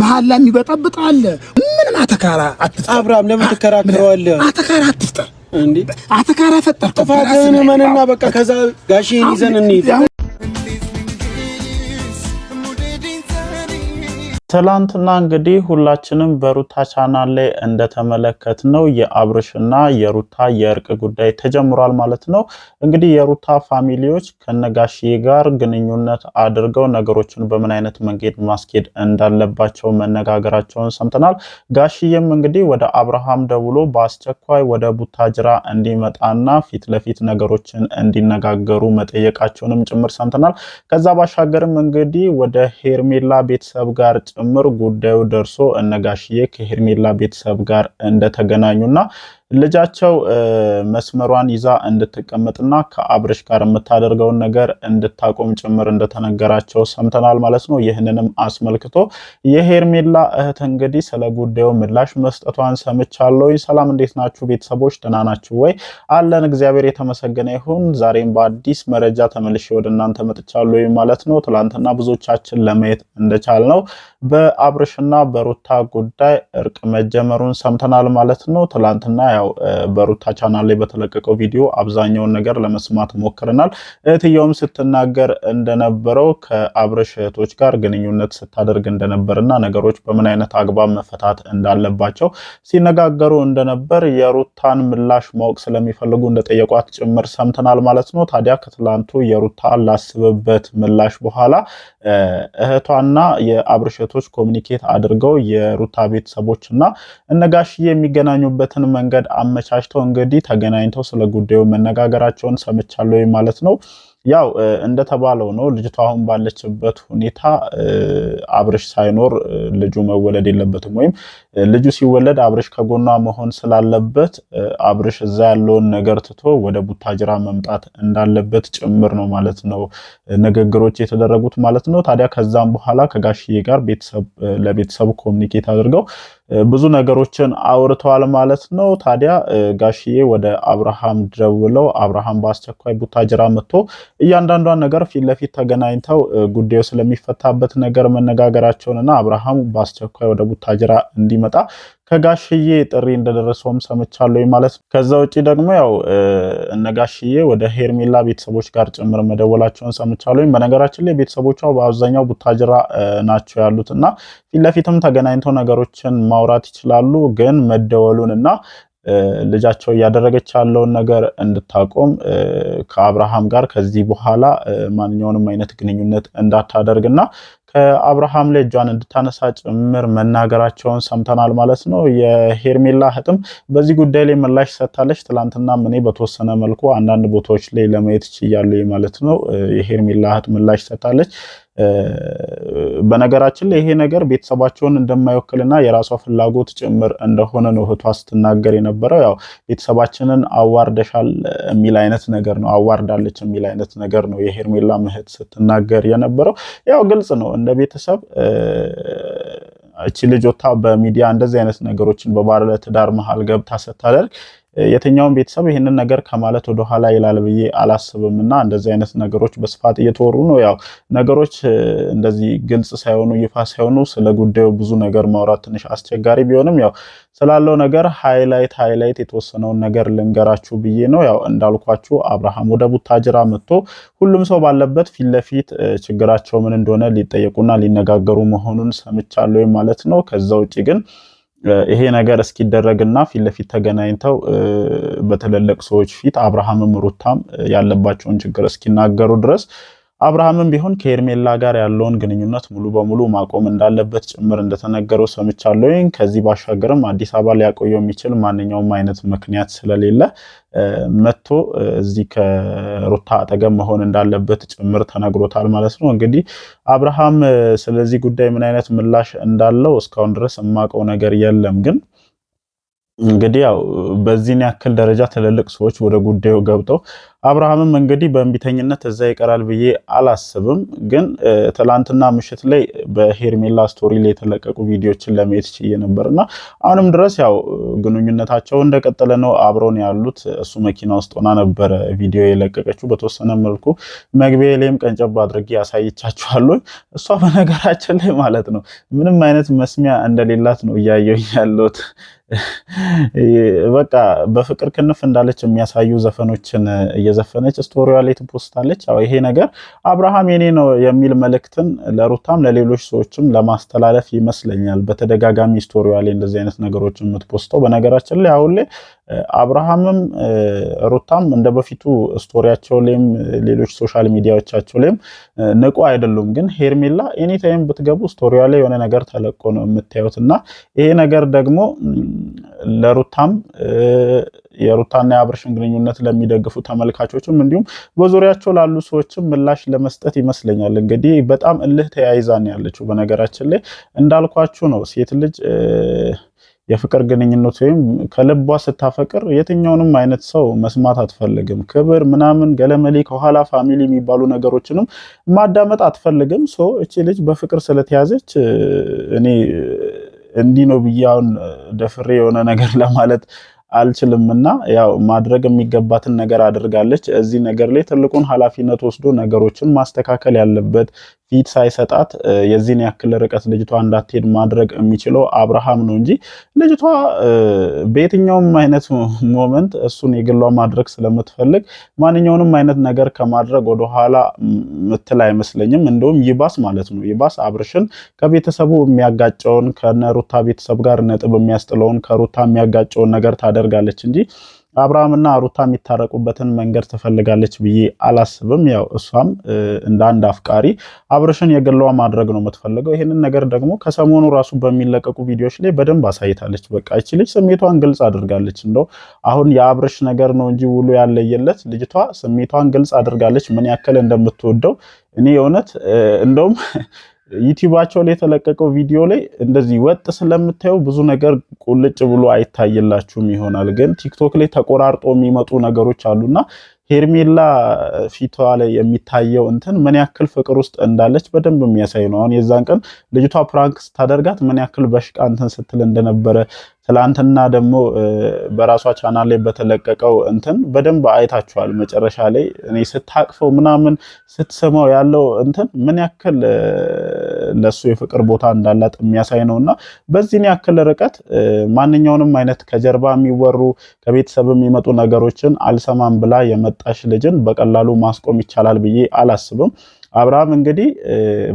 መሀል ላይ የሚበጠብጥ አለ። ምንም አተካራ አትፍጠር። አብርሃም ለምን ትከራከረዋለህ? አተካራ አትፍጠር እንዴ! አተካራ ፈጠር ጥፋትህን መንና በቃ ከዛ ጋሼን ይዘን እንሂድ። ትላንትና እንግዲህ ሁላችንም በሩታ ቻናል ላይ እንደተመለከት ነው የአብርሽና የሩታ የእርቅ ጉዳይ ተጀምሯል ማለት ነው። እንግዲህ የሩታ ፋሚሊዎች ከነጋሽዬ ጋር ግንኙነት አድርገው ነገሮችን በምን አይነት መንገድ ማስኬድ እንዳለባቸው መነጋገራቸውን ሰምተናል። ጋሽዬም እንግዲህ ወደ አብርሃም ደውሎ በአስቸኳይ ወደ ቡታጅራ እንዲመጣና ፊት ለፊት ነገሮችን እንዲነጋገሩ መጠየቃቸውንም ጭምር ሰምተናል። ከዛ ባሻገርም እንግዲህ ወደ ሄርሜላ ቤተሰብ ጋር ጭምር ጉዳዩ ደርሶ እነጋሽዬ ከሄርሜላ ቤተሰብ ጋር እንደተገናኙና ልጃቸው መስመሯን ይዛ እንድትቀመጥና ከአብርሽ ጋር የምታደርገውን ነገር እንድታቆም ጭምር እንደተነገራቸው ሰምተናል ማለት ነው። ይህንንም አስመልክቶ የሄርሜላ እህት እንግዲህ ስለ ጉዳዩ ምላሽ መስጠቷን ሰምቻለሁ። ሰላም፣ እንዴት ናችሁ ቤተሰቦች? ደህና ናችሁ ወይ? አለን፣ እግዚአብሔር የተመሰገነ ይሁን። ዛሬም በአዲስ መረጃ ተመልሼ ወደ እናንተ መጥቻለሁ ማለት ነው። ትላንትና ብዙዎቻችን ለማየት እንደቻል ነው በአብርሽና በሩታ ጉዳይ እርቅ መጀመሩን ሰምተናል ማለት ነው። ትላንትና ያው በሩታ ቻናል ላይ በተለቀቀው ቪዲዮ አብዛኛውን ነገር ለመስማት ሞክረናል። እህትየውም ስትናገር እንደነበረው ከአብረሽ እህቶች ጋር ግንኙነት ስታደርግ እንደነበርና ነገሮች በምን አይነት አግባብ መፈታት እንዳለባቸው ሲነጋገሩ እንደነበር የሩታን ምላሽ ማወቅ ስለሚፈልጉ እንደጠየቋት ጭምር ሰምተናል ማለት ነው። ታዲያ ከትላንቱ የሩታ ላስብበት ምላሽ በኋላ እህቷና የአብረሽ እህቶች ኮሚኒኬት አድርገው የሩታ ቤተሰቦች እና እነጋሽዬ የሚገናኙበትን መንገድ መንገድ አመቻችተው እንግዲህ ተገናኝተው ስለ ጉዳዩ መነጋገራቸውን ሰምቻለሁ ማለት ነው። ያው እንደተባለው ነው። ልጅቷ አሁን ባለችበት ሁኔታ አብርሽ ሳይኖር ልጁ መወለድ የለበትም ወይም ልጁ ሲወለድ አብርሽ ከጎኗ መሆን ስላለበት አብርሽ እዛ ያለውን ነገር ትቶ ወደ ቡታጅራ መምጣት እንዳለበት ጭምር ነው ማለት ነው ንግግሮች የተደረጉት ማለት ነው። ታዲያ ከዛም በኋላ ከጋሽዬ ጋር ቤተሰብ ለቤተሰቡ ኮሚኒኬት አድርገው ብዙ ነገሮችን አውርተዋል ማለት ነው። ታዲያ ጋሽዬ ወደ አብርሃም ደውለው አብርሃም በአስቸኳይ ቡታጅራ መጥቶ እያንዳንዷን ነገር ፊት ለፊት ተገናኝተው ጉዳዩ ስለሚፈታበት ነገር መነጋገራቸውንና አብርሃም በአስቸኳይ ወደ ቡታጅራ እንዲመጣ ከጋሽዬ ጥሪ እንደደረሰውም ሰምቻለሁ ማለት ነው። ከዛ ውጭ ደግሞ ያው እነ ጋሽዬ ወደ ሄርሜላ ቤተሰቦች ጋር ጭምር መደወላቸውን ሰምቻለሁ። በነገራችን ላይ ቤተሰቦቿ በአብዛኛው ቡታጅራ ናቸው ያሉት እና ፊት ለፊትም ተገናኝተው ነገሮችን ማውራት ይችላሉ። ግን መደወሉን እና ልጃቸው እያደረገች ያለውን ነገር እንድታቆም ከአብርሃም ጋር ከዚህ በኋላ ማንኛውንም አይነት ግንኙነት እንዳታደርግና ከአብርሃም ላይ እጇን እንድታነሳ ጭምር መናገራቸውን ሰምተናል ማለት ነው። የሄርሜላ እህትም በዚህ ጉዳይ ላይ ምላሽ ሰጥታለች። ትላንትና እኔ በተወሰነ መልኩ አንዳንድ ቦታዎች ላይ ለማየት ችያለሁ ማለት ነው። የሄርሜላ እህት ምላሽ ሰጥታለች። በነገራችን ላይ ይሄ ነገር ቤተሰባቸውን እንደማይወክልና የራሷ ፍላጎት ጭምር እንደሆነ ነው እህቷ ስትናገር የነበረው። ያው ቤተሰባችንን አዋርደሻል የሚል አይነት ነገር ነው፣ አዋርዳለች የሚል አይነት ነገር ነው የሄርሜላ እህት ስትናገር የነበረው። ያው ግልጽ ነው እንደ ቤተሰብ እቺ ልጆታ በሚዲያ እንደዚህ አይነት ነገሮችን በባለ ትዳር መሀል ገብታ ስታደርግ የትኛውም ቤተሰብ ይህንን ነገር ከማለት ወደኋላ ይላል ብዬ አላስብም እና እንደዚህ አይነት ነገሮች በስፋት እየተወሩ ነው። ያው ነገሮች እንደዚህ ግልጽ ሳይሆኑ ይፋ ሳይሆኑ ስለ ጉዳዩ ብዙ ነገር ማውራት ትንሽ አስቸጋሪ ቢሆንም ያው ስላለው ነገር ሃይላይት ሃይላይት የተወሰነውን ነገር ልንገራችሁ ብዬ ነው። ያው እንዳልኳችሁ አብርሃም ወደ ቡታጅራ መጥቶ ሁሉም ሰው ባለበት ፊት ለፊት ችግራቸው ምን እንደሆነ ሊጠየቁና ሊነጋገሩ መሆኑን ሰምቻለሁ ማለት ነው። ከዛ ውጭ ግን ይሄ ነገር እስኪደረግና ፊት ለፊት ተገናኝተው በትልልቅ ሰዎች ፊት አብርሃምም ሩታም ያለባቸውን ችግር እስኪናገሩ ድረስ አብርሃምም ቢሆን ከኤርሜላ ጋር ያለውን ግንኙነት ሙሉ በሙሉ ማቆም እንዳለበት ጭምር እንደተነገረው ሰምቻለሁኝ። ከዚህ ባሻገርም አዲስ አበባ ሊያቆየው የሚችል ማንኛውም አይነት ምክንያት ስለሌለ መጥቶ እዚህ ከሩታ አጠገብ መሆን እንዳለበት ጭምር ተነግሮታል ማለት ነው። እንግዲህ አብርሃም ስለዚህ ጉዳይ ምን አይነት ምላሽ እንዳለው እስካሁን ድረስ የማውቀው ነገር የለም ግን እንግዲህ ያው በዚህን ያክል ደረጃ ትልልቅ ሰዎች ወደ ጉዳዩ ገብተው አብርሃምም እንግዲህ በእንቢተኝነት እዛ ይቀራል ብዬ አላስብም። ግን ትላንትና ምሽት ላይ በሄርሜላ ስቶሪ ላይ የተለቀቁ ቪዲዮችን ለማየት ችዬ ነበር እና አሁንም ድረስ ያው ግንኙነታቸው እንደቀጠለ ነው። አብረውን ያሉት እሱ መኪና ውስጥ ሆና ነበረ ቪዲዮ የለቀቀችው። በተወሰነ መልኩ መግቢያ ላይም ቀንጨባ አድርጌ ያሳይቻችኋለሁ። እሷ በነገራችን ላይ ማለት ነው ምንም አይነት መስሚያ እንደሌላት ነው እያየሁኝ ያለሁት። በቃ በፍቅር ክንፍ እንዳለች የሚያሳዩ ዘፈኖችን እየዘፈነች ስቶሪዋ ላይ ትፖስታለች። ያው ይሄ ነገር አብርሃም የኔ ነው የሚል መልእክትን ለሩታም ለሌሎች ሰዎችም ለማስተላለፍ ይመስለኛል። በተደጋጋሚ ስቶሪዋ ላይ እንደዚህ አይነት ነገሮች የምትፖስተው። በነገራችን ላይ አሁን ላይ አብርሃምም ሩታም እንደ በፊቱ ስቶሪያቸው ላይም ሌሎች ሶሻል ሚዲያዎቻቸው ላይም ንቁ አይደሉም። ግን ሄርሜላ ኤኒታይም ብትገቡ ስቶሪዋ ላይ የሆነ ነገር ተለቆ ነው የምታዩት እና ይሄ ነገር ደግሞ ለሩታም የሩታና የአብርሽን ግንኙነት ለሚደግፉ ተመልካቾችም እንዲሁም በዙሪያቸው ላሉ ሰዎችም ምላሽ ለመስጠት ይመስለኛል። እንግዲህ በጣም እልህ ተያይዛን ያለችው በነገራችን ላይ እንዳልኳችሁ ነው። ሴት ልጅ የፍቅር ግንኙነት ወይም ከልቧ ስታፈቅር የትኛውንም አይነት ሰው መስማት አትፈልግም። ክብር ምናምን፣ ገለመሌ ከኋላ ፋሚሊ የሚባሉ ነገሮችንም ማዳመጥ አትፈልግም። ሶ እቺ ልጅ በፍቅር ስለተያዘች እኔ እንዲህ ነው ብዬ አሁን ደፍሬ የሆነ ነገር ለማለት አልችልም እና ያው ማድረግ የሚገባትን ነገር አድርጋለች። እዚህ ነገር ላይ ትልቁን ኃላፊነት ወስዶ ነገሮችን ማስተካከል ያለበት ፊት ሳይሰጣት የዚህን ያክል ርቀት ልጅቷ እንዳትሄድ ማድረግ የሚችለው አብርሃም ነው እንጂ ልጅቷ በየትኛውም አይነት ሞመንት እሱን የግሏ ማድረግ ስለምትፈልግ ማንኛውንም አይነት ነገር ከማድረግ ወደኋላ ምትል አይመስለኝም። እንደውም ይባስ ማለት ነው ይባስ አብርሽን ከቤተሰቡ የሚያጋጨውን ከነሩታ ቤተሰብ ጋር ነጥብ የሚያስጥለውን ከሩታ የሚያጋጨውን ነገር ታደርጋለች እንጂ አብርሃምና ሩታ የሚታረቁበትን መንገድ ትፈልጋለች ብዬ አላስብም። ያው እሷም እንደ አንድ አፍቃሪ አብርሽን የገለዋ ማድረግ ነው የምትፈልገው። ይህንን ነገር ደግሞ ከሰሞኑ ራሱ በሚለቀቁ ቪዲዮዎች ላይ በደንብ አሳይታለች። በቃ ይቺ ልጅ ስሜቷን ግልጽ አድርጋለች። እንደው አሁን የአብርሽ ነገር ነው እንጂ ውሉ ያለየለት ልጅቷ ስሜቷን ግልጽ አድርጋለች፣ ምን ያክል እንደምትወደው እኔ የእውነት እንደውም ዩቲዩባቸው ላይ የተለቀቀው ቪዲዮ ላይ እንደዚህ ወጥ ስለምታዩ ብዙ ነገር ቁልጭ ብሎ አይታይላችሁም ይሆናል። ግን ቲክቶክ ላይ ተቆራርጦ የሚመጡ ነገሮች አሉና ሄርሜላ ፊቷ ላይ የሚታየው እንትን ምን ያክል ፍቅር ውስጥ እንዳለች በደንብ የሚያሳይ ነው። አሁን የዛን ቀን ልጅቷ ፕራንክ ስታደርጋት ምን ያክል በሽቃ እንትን ስትል እንደነበረ ትላንትና ደግሞ በራሷ ቻናል ላይ በተለቀቀው እንትን በደንብ አይታችኋል። መጨረሻ ላይ እኔ ስታቅፈው ምናምን ስትሰማው ያለው እንትን ምን ያክል ለሱ የፍቅር ቦታ እንዳላት የሚያሳይ ነው እና በዚህን ያክል ርቀት ማንኛውንም አይነት ከጀርባ የሚወሩ ከቤተሰብ የሚመጡ ነገሮችን አልሰማም ብላ የመጣሽ ልጅን በቀላሉ ማስቆም ይቻላል ብዬ አላስብም። አብርሃም እንግዲህ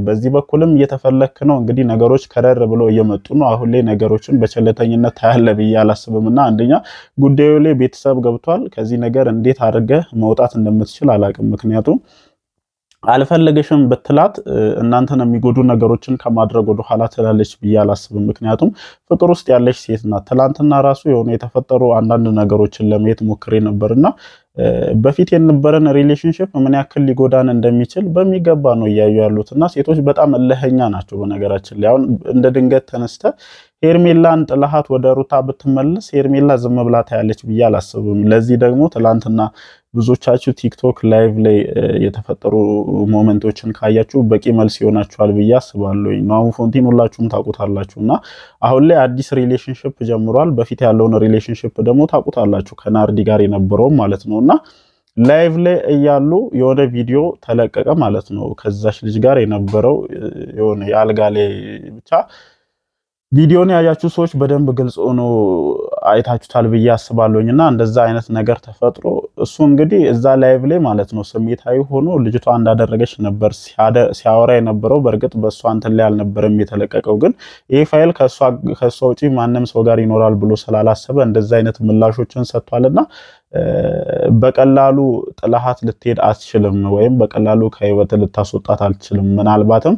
በዚህ በኩልም እየተፈለክ ነው። እንግዲህ ነገሮች ከረር ብሎ እየመጡ ነው። አሁን ላይ ነገሮችን በቸለተኝነት ታያለ ብዬ አላስብም እና አንደኛ ጉዳዩ ላይ ቤተሰብ ገብቷል። ከዚህ ነገር እንዴት አድርገህ መውጣት እንደምትችል አላቅም። ምክንያቱም አልፈለገሽም ብትላት እናንተን የሚጎዱ ነገሮችን ከማድረግ ወደ ኋላ ትላለች ብዬ አላስብም። ምክንያቱም ፍቅር ውስጥ ያለች ሴት ናት። ትላንትና ራሱ የሆነ የተፈጠሩ አንዳንድ ነገሮችን ለማየት ሞክሬ እና በፊት የነበረን ሪሌሽንሽፕ ምን ያክል ሊጎዳን እንደሚችል በሚገባ ነው እያዩ ያሉት እና ሴቶች በጣም እልኸኛ ናቸው። በነገራችን ላይ አሁን እንደ ድንገት ተነስተ ሄርሜላን ጥላሃት ወደ ሩታ ብትመልስ ሄርሜላ ዝም ብላ ታያለች ብዬ አላስብም። ለዚህ ደግሞ ትላንትና ብዙዎቻችሁ ቲክቶክ ላይቭ ላይ የተፈጠሩ ሞመንቶችን ካያችሁ በቂ መልስ ይሆናችኋል ብዬ አስባለሁ። ናሁ ፎንቲን ሁላችሁም ታውቁታላችሁ እና አሁን ላይ አዲስ ሪሌሽንሽፕ ጀምሯል። በፊት ያለውን ሪሌሽንሽፕ ደግሞ ታውቁታላችሁ ከናርዲ ጋር የነበረውም ማለት ነው እና ላይቭ ላይ እያሉ የሆነ ቪዲዮ ተለቀቀ ማለት ነው ከዛች ልጅ ጋር የነበረው የሆነ የአልጋ ላይ ብቻ ቪዲዮን ያያችሁ ሰዎች በደንብ ግልጽ ሆኖ አይታችሁታል ብዬ አስባለሁኝ እና እንደዛ አይነት ነገር ተፈጥሮ እሱ እንግዲህ እዛ ላይቭ ላይ ማለት ነው ስሜታዊ ሆኖ ልጅቷ እንዳደረገች ነበር ሲያወራ የነበረው። በእርግጥ በእሷ እንትን ላይ አልነበረም የተለቀቀው፣ ግን ይህ ፋይል ከእሷ ውጪ ማንም ሰው ጋር ይኖራል ብሎ ስላላሰበ እንደዛ አይነት ምላሾችን እና በቀላሉ ጥላሃት ልትሄድ አትችልም፣ ወይም በቀላሉ ከህይወት ልታስወጣት አልችልም ምናልባትም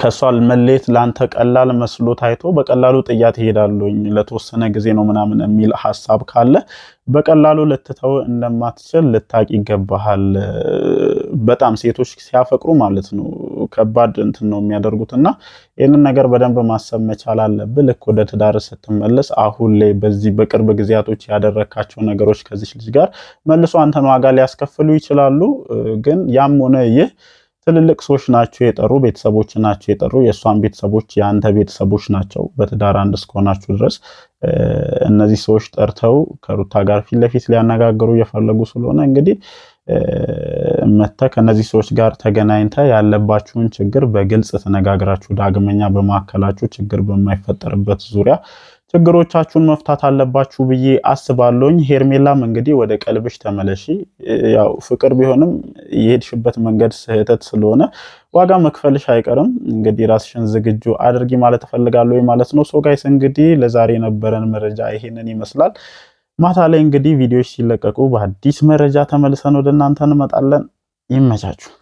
ከእሷ መለየት ለአንተ ቀላል መስሎ ታይቶ በቀላሉ ጥያት ይሄዳለኝ ለተወሰነ ጊዜ ነው ምናምን የሚል ሀሳብ ካለ በቀላሉ ልትተው እንደማትችል ልታቅ ይገባሃል። በጣም ሴቶች ሲያፈቅሩ ማለት ነው ከባድ እንትን ነው የሚያደርጉት እና ይህንን ነገር በደንብ ማሰብ መቻል አለብህ። ልክ ወደ ትዳር ስትመለስ አሁን ላይ በዚህ በቅርብ ጊዜያቶች ያደረካቸው ነገሮች ከዚች ልጅ ጋር መልሶ አንተን ዋጋ ሊያስከፍሉ ይችላሉ። ግን ያም ሆነ ይህ ትልልቅ ሰዎች ናቸው የጠሩ ቤተሰቦች ናቸው የጠሩ የእሷን ቤተሰቦች የአንተ ቤተሰቦች ናቸው። በትዳር አንድ እስከሆናችሁ ድረስ እነዚህ ሰዎች ጠርተው ከሩታ ጋር ፊት ለፊት ሊያነጋግሩ እየፈለጉ ስለሆነ እንግዲህ መተ ከእነዚህ ሰዎች ጋር ተገናኝተ ያለባችሁን ችግር በግልጽ ተነጋግራችሁ ዳግመኛ በማዕከላችሁ ችግር በማይፈጠርበት ዙሪያ ችግሮቻችሁን መፍታት አለባችሁ ብዬ አስባለሁኝ። ሄርሜላም እንግዲህ ወደ ቀልብሽ ተመለሺ። ያው ፍቅር ቢሆንም የሄድሽበት መንገድ ስህተት ስለሆነ ዋጋ መክፈልሽ አይቀርም። እንግዲህ ራስሽን ዝግጁ አድርጊ ማለት እፈልጋለሁ ማለት ነው። ሶ ጋይስ እንግዲህ ለዛሬ የነበረን መረጃ ይሄንን ይመስላል። ማታ ላይ እንግዲህ ቪዲዮዎች ሲለቀቁ በአዲስ መረጃ ተመልሰን ወደ እናንተ እንመጣለን። ይመቻችሁ።